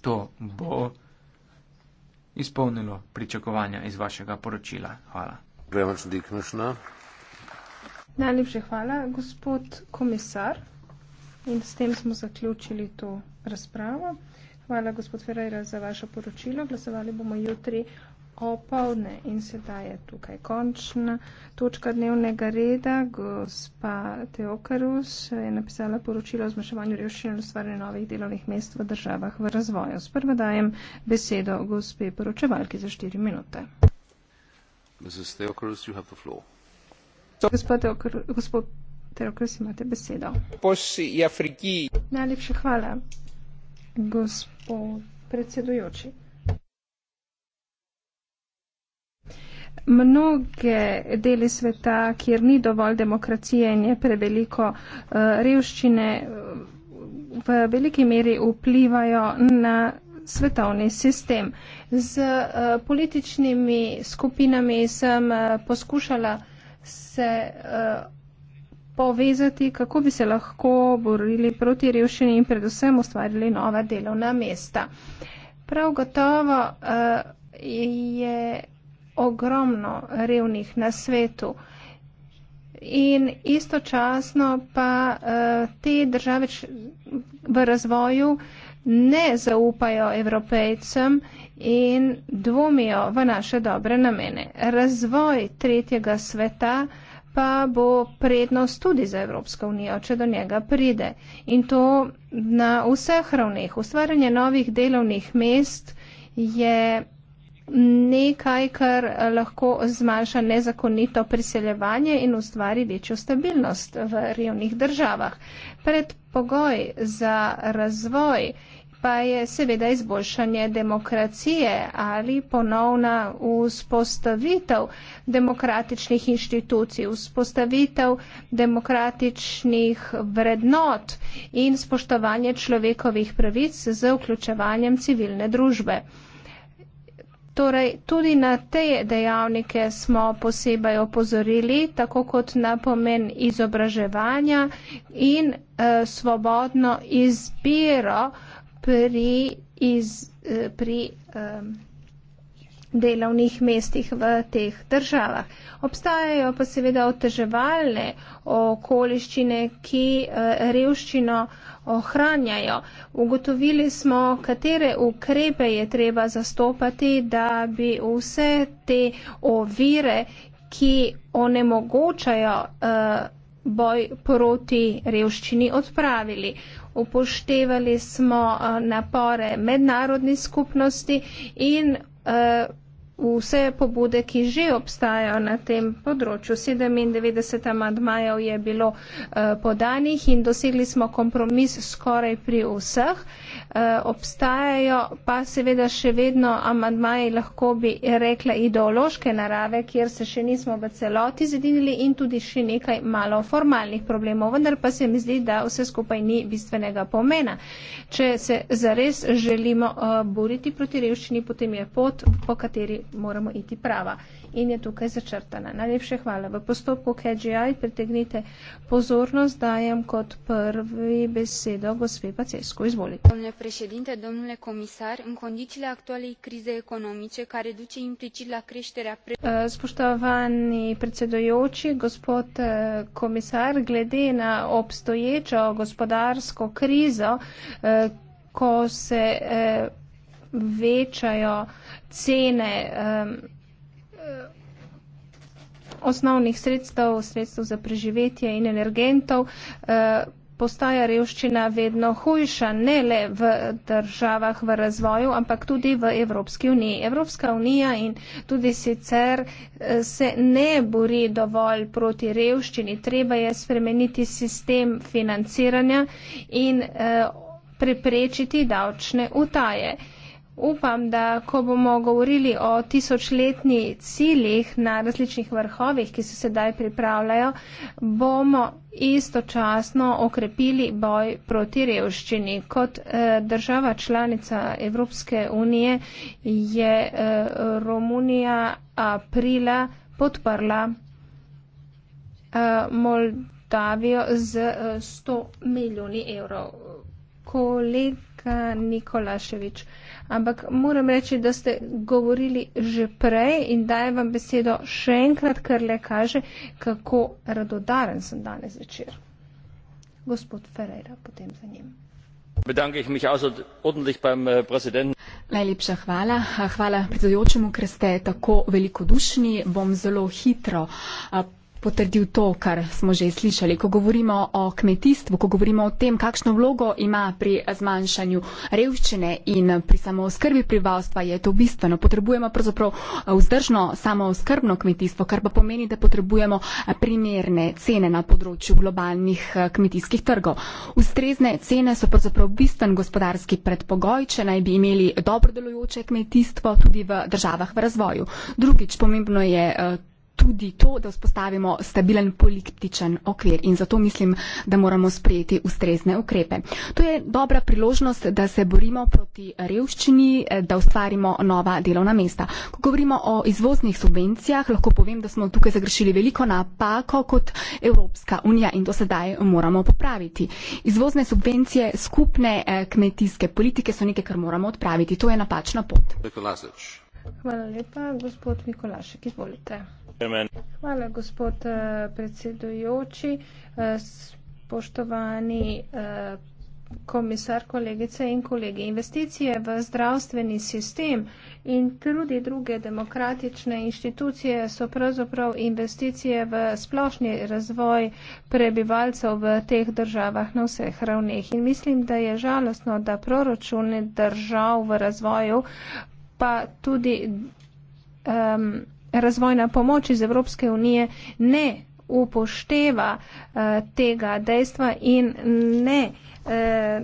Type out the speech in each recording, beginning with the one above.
to bo izpolnilo pričakovanja iz vašega poročila. Hvala. Najlepše hvala, gospod komisar. In s tem smo zaključili to razpravo. Hvala, gospod Ferreira, za vaše poročilo. Glasovali bomo jutri opolne in sedaj je tukaj končna točka dnevnega reda. Gospa Teokarus je napisala poročilo o zmaševanju revščine in ustvarjanju novih delovnih mest v državah v razvoju. Sprva dajem besedo gospe poročevalki za štiri minute. Gospod Teokarus, imate besedo. Najlepša hvala, gospod predsedujoči. mnoge deli sveta, kjer ni dovolj demokracije in je preveliko eh, revščine, v veliki meri vplivajo na svetovni sistem. Z eh, političnimi skupinami sem eh, poskušala se povezati, kako bi se lahko borili proti revščini in predvsem ustvarili nova delovna mesta. Prav gotovo uh, je ogromno revnih na svetu. In istočasno pa eh, te države v razvoju ne zaupajo evropejcem in dvomijo v naše dobre namene. Razvoj tretjega sveta pa bo prednost tudi za Evropsko unijo, če do njega pride. In to na vseh ravneh. Ustvarjanje novih delovnih mest je nekaj, kar eh, lahko zmanjša nezakonito priseljevanje in ustvari večjo stabilnost v revnih državah. Predpogoj za razvoj pa je seveda izboljšanje demokracije ali ponovna vzpostavitev demokratičnih inštitucij, vzpostavitev demokratičnih vrednot in spoštovanje človekovih pravic z vključevanjem civilne družbe. Torej, tudi na te dejavnike smo posebej opozorili, tako kot na pomen izobraževanja in eh, svobodno izbiro pri, iz, eh, pri eh, delovnih mestih v teh državah. Obstajajo pa seveda oteževalne okoliščine, ki eh, revščino ohranjajo. Ugotovili smo, katere ukrepe je treba zastopati, da bi vse te ovire, ki onemogočajo eh, boj proti revščini odpravili. Upoštevali smo eh, napore mednarodni skupnosti in Uh, vse pobude, ki že obstajajo na tem področju. 97 amadmajev je bilo eh, podanih in dosegli smo kompromis skoraj pri vseh. Eh, obstajajo pa seveda še vedno amadmaji, lahko bi rekla, ideološke narave, kjer se še nismo v celoti zedinili in tudi še nekaj malo formalnih problemov. Vendar pa se mi zdi, da vse skupaj ni bistvenega pomena. Če se zares želimo eh, boriti proti revščini, potem je pot, po kateri moramo iti prava. In je tukaj začrtana. Najlepše hvala. V postopku KGI pritegnite pozornost, dajem kot prvi besedo gospe Pacesko. Izvolite. Domnule predsednik, domnule komisar, v kondicijah aktualnej krize ekonomike, kar je duče in priči la kreštera pre... Eh, spoštovani predsedujoči, gospod eh, komisar, glede na obstoječo gospodarsko krizo, eh, ko se večajo cene um, osnovnih sredstev, sredstev za preživetje in energentov, uh, postaja revščina vedno hujša, ne le v državah v razvoju, ampak tudi v Evropski uniji. Evropska unija in tudi sicer eh, se ne bori dovolj proti revščini, treba je spremeniti sistem financiranja in uh, preprečiti davčne utaje. Uh, upam, da ko bomo govorili o tisočletni ciljih na različnih vrhovih, ki se sedaj pripravljajo, bomo istočasno okrepili boj proti revščini. Kot eh, država članica Evropske unije je eh, Romunija aprila podprla eh, Moldavijo z eh, 100 milijoni evrov. Kolega Jaka Nikolaševič. Ampak moram reči, da ste govorili že prej in dajem vam besedo še enkrat, ker le kaže, kako radodaren sem danes večer. Gospod Ferreira, potem za njim. Bedanke ich mich also ordentlich beim äh, Präsidenten. Najlepša hvala. Hvala predsedujočemu, ker ste tako velikodušni. Bom zelo hitro potrdil to, kar smo že slišali. Ko govorimo o kmetijstvu, ko govorimo o tem, kakšno vlogo ima pri zmanjšanju revščine in pri samooskrbi prebivalstva, je to bistveno. Potrebujemo pravzaprav eh, vzdržno samooskrbno kmetijstvo, kar pa pomeni, da potrebujemo eh, primerne cene na področju globalnih eh, kmetijskih trgov. Ustrezne cene so pravzaprav bistven gospodarski predpogoj, če naj bi imeli dobro delujoče kmetijstvo tudi v državah v razvoju. Drugič, pomembno je tudi to, da vzpostavimo stabilen političen okvir in zato mislim, da moramo sprejeti ustrezne ukrepe. To je dobra priložnost, da se borimo proti revščini, da ustvarimo nova delovna mesta. Ko govorimo o izvoznih subvencijah, lahko povem, da smo tukaj zagrešili veliko napako kot Evropska unija in to sedaj moramo popraviti. Izvozne subvencije skupne eh, kmetijske politike so nekaj, kar moramo odpraviti. To je napačna pot. Hvala lepa, gospod Mikolašek, izvolite. Hvala, gospod eh, predsedujoči. Eh, spoštovani eh, komisar, kolegice in kolege. Investicije v zdravstveni sistem in tudi druge demokratične inštitucije so pravzaprav investicije v splošni razvoj prebivalcev v teh državah na vseh ravneh. In mislim, da je žalostno, da proračune držav v razvoju pa tudi. Um, razvojna pomoč iz Evropske unije ne upošteva uh, tega dejstva in ne uh,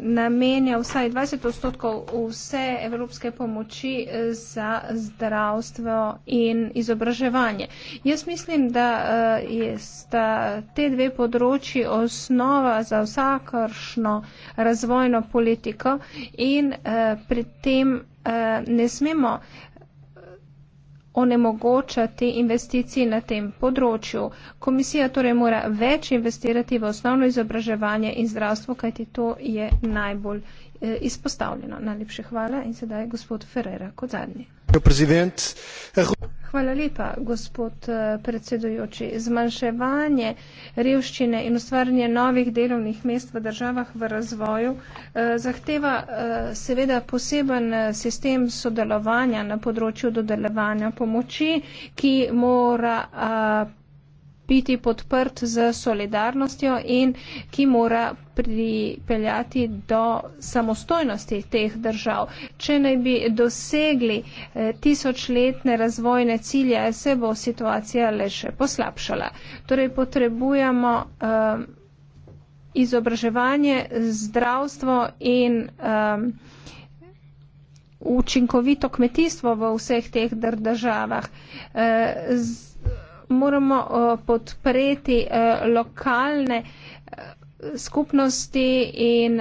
namenja vsaj 20 odstotkov vse evropske pomoči eh, za zdravstvo in izobraževanje. Jaz mislim, da uh, je sta te dve področji osnova za vsakršno razvojno politiko in uh, pri tem uh, ne smemo uh, onemogoča te investicije na tem področju. Komisija torej mora več investirati v osnovno izobraževanje in zdravstvo, kajti to je najbolj eh, izpostavljeno. Najlepše hvala in sedaj gospod Ferreira kot zadnji. Ja, Hvala lepa, gospod eh, predsedujoči. Zmanjševanje revščine in ustvarjanje novih delovnih mest v državah v razvoju eh, zahteva eh, seveda poseben sistem sodelovanja na področju dodelevanja pomoči, ki mora biti podprt z solidarnostjo in ki mora pripeljati do samostojnosti teh držav. Če naj bi dosegli eh, tisočletne razvojne cilje, se bo situacija le še poslabšala. Torej potrebujemo um, izobraževanje, zdravstvo in um, učinkovito kmetijstvo v vseh teh državah. Uh, moramo eh, podpreti eh, lokalne eh, skupnosti in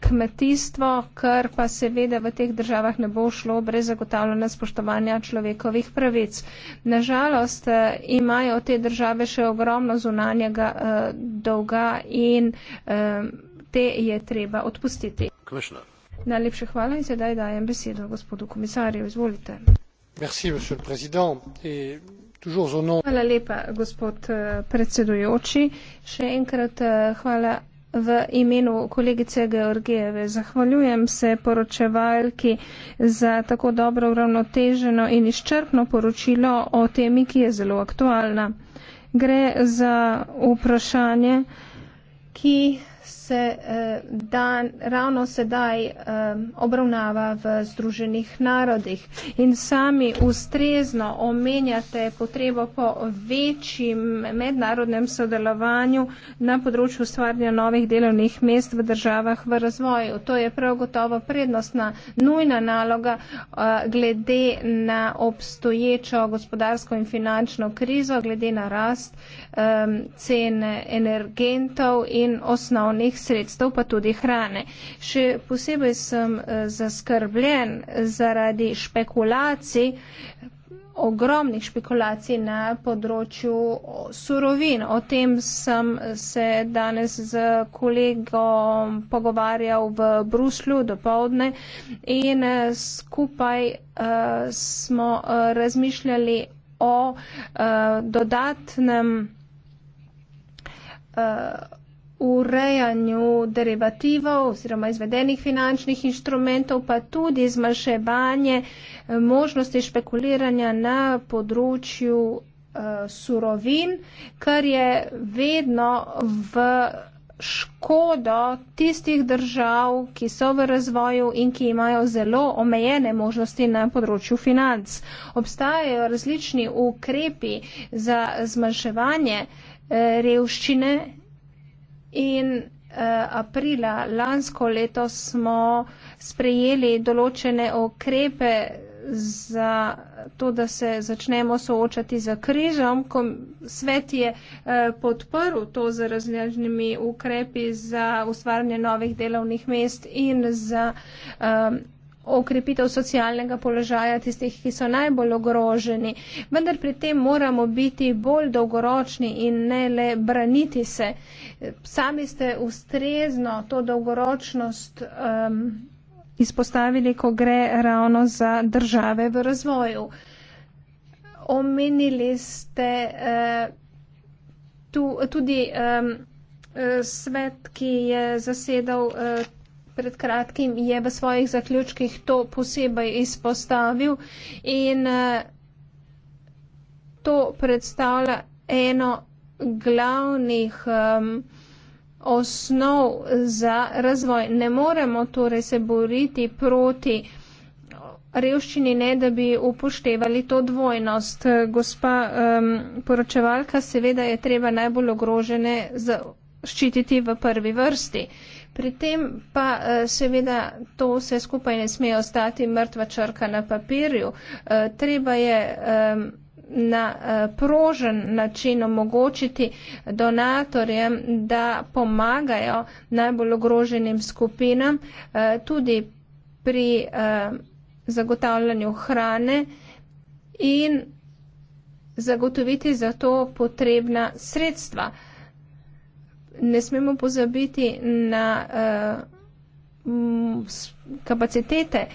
kmetijstvo, kar pa seveda v teh državah ne bo šlo brez zagotavljanja spoštovanja človekovih pravic. Nažalost imajo te države še ogromno zunanjega dolga in te je treba odpustiti. Komisar. Najlepše hvala in sedaj dajem besedo gospodu komisarju. Izvolite. Hvala lepa, gospod eh, predsedujoči. Še enkrat eh, hvala v imenu kolegice Georgijeve. Zahvaljujem se poročevalki za tako dobro uravnoteženo in izčrpno poročilo o temi, ki je zelo aktualna. Gre za vprašanje, ki se eh, dan, ravno sedaj eh, obravnava v Združenih narodih in sami ustrezno omenjate potrebo po večjem mednarodnem sodelovanju na področju ustvarjanja novih delovnih mest v državah v razvoju. To je prav gotovo prednostna nujna naloga eh, glede na obstoječo gospodarsko in finančno krizo, glede na rast cen energentov in osnovne osnovnih sredstev, pa tudi hrane. Še posebej sem eh, zaskrbljen zaradi špekulacij, ogromnih špekulacij na področju surovin. O tem sem se danes z kolegom pogovarjal v Bruslju do povdne in eh, skupaj eh, smo razmišljali o dodatnem urejanju derivativov oziroma izvedenih finančnih inštrumentov, pa tudi zmanjševanje eh, možnosti špekuliranja na področju eh, surovin, kar je vedno v škodo tistih držav, ki so v razvoju in ki imajo zelo omejene možnosti na področju financ. Obstajajo različni ukrepi za zmanjševanje eh, revščine In uh, aprila lansko leto smo sprejeli določene okrepe za to, da se začnemo soočati z križom. Svet je eh, podprl to z različnimi ukrepi za ustvarjanje novih delovnih mest in za um, okrepitev socialnega položaja tistih, ki so najbolj ogroženi. Vendar pri tem moramo biti bolj dolgoročni in ne le braniti se. Sami ste ustrezno to dolgoročnost um, izpostavili, ko gre ravno za države v razvoju. Omenili ste uh, tu, tudi um, uh, svet, ki je zasedal uh, pred kratkim je v svojih zaključkih to posebej izpostavil in eh, to predstavlja eno glavnih um, osnov za razvoj. Ne moremo torej se boriti proti revščini, ne da bi upoštevali to dvojnost. Gospa um, poročevalka, seveda je treba najbolj ogrožene ščititi v prvi vrsti. Pri tem pa eh, seveda to vse skupaj ne sme ostati mrtva črka na papirju. Eh, treba je na eh, prožen način omogočiti donatorjem, da pomagajo najbolj ogroženim skupinam tudi pri zagotavljanju hrane in zagotoviti za to potrebna sredstva ne smemo pozabiti na uh, kapacitete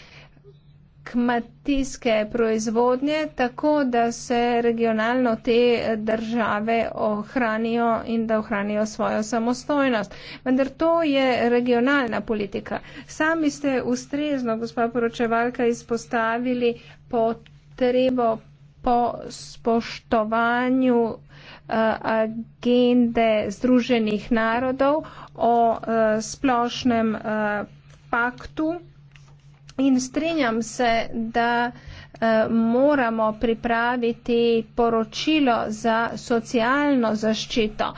kmetijske proizvodnje, tako da se regionalno te eh, države ohranijo in da ohranijo svojo samostojnost. Vendar to je regionalna politika. Sami ste ustrezno, gospa poročevalka, izpostavili potrebo po spoštovanju uh, Eh, agende Združenih narodov o eh, splošnem eh, paktu in strinjam se, da moramo pripraviti poročilo za socialno zaščito.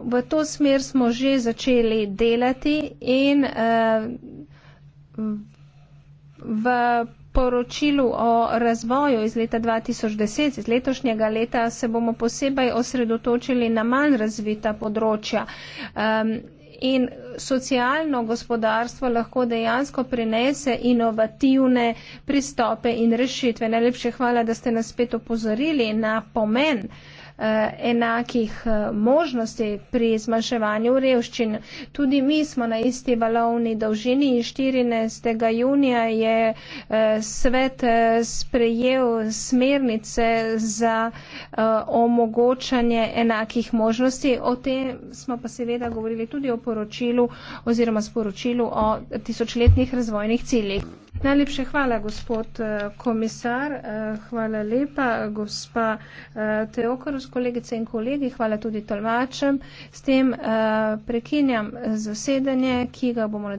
V to smer smo že začeli delati in v poročilu o razvoju iz leta 2010, iz letošnjega leta, se bomo posebej osredotočili na manj razvita področja. Um, in socialno gospodarstvo lahko dejansko prinese inovativne pristope in rešitve. Najlepše hvala, da ste nas spet opozorili na pomen uh, Eh, enakih eh, možnosti pri zmanjševanju revščin. Tudi mi smo na isti valovni dolžini in 14. junija je eh, svet sprejel smernice za omogočanje enakih možnosti. O tem smo pa seveda govorili tudi o poročilu oziroma sporočilu o tisočletnih razvojnih ciljih. Najlepše hvala, gospod eh, komisar. Eh, hvala lepa, gospa eh, Teokorus, kolegice in kolegi. Hvala tudi tolmačem. S tem prekinjam zasedanje, ki ga bomo.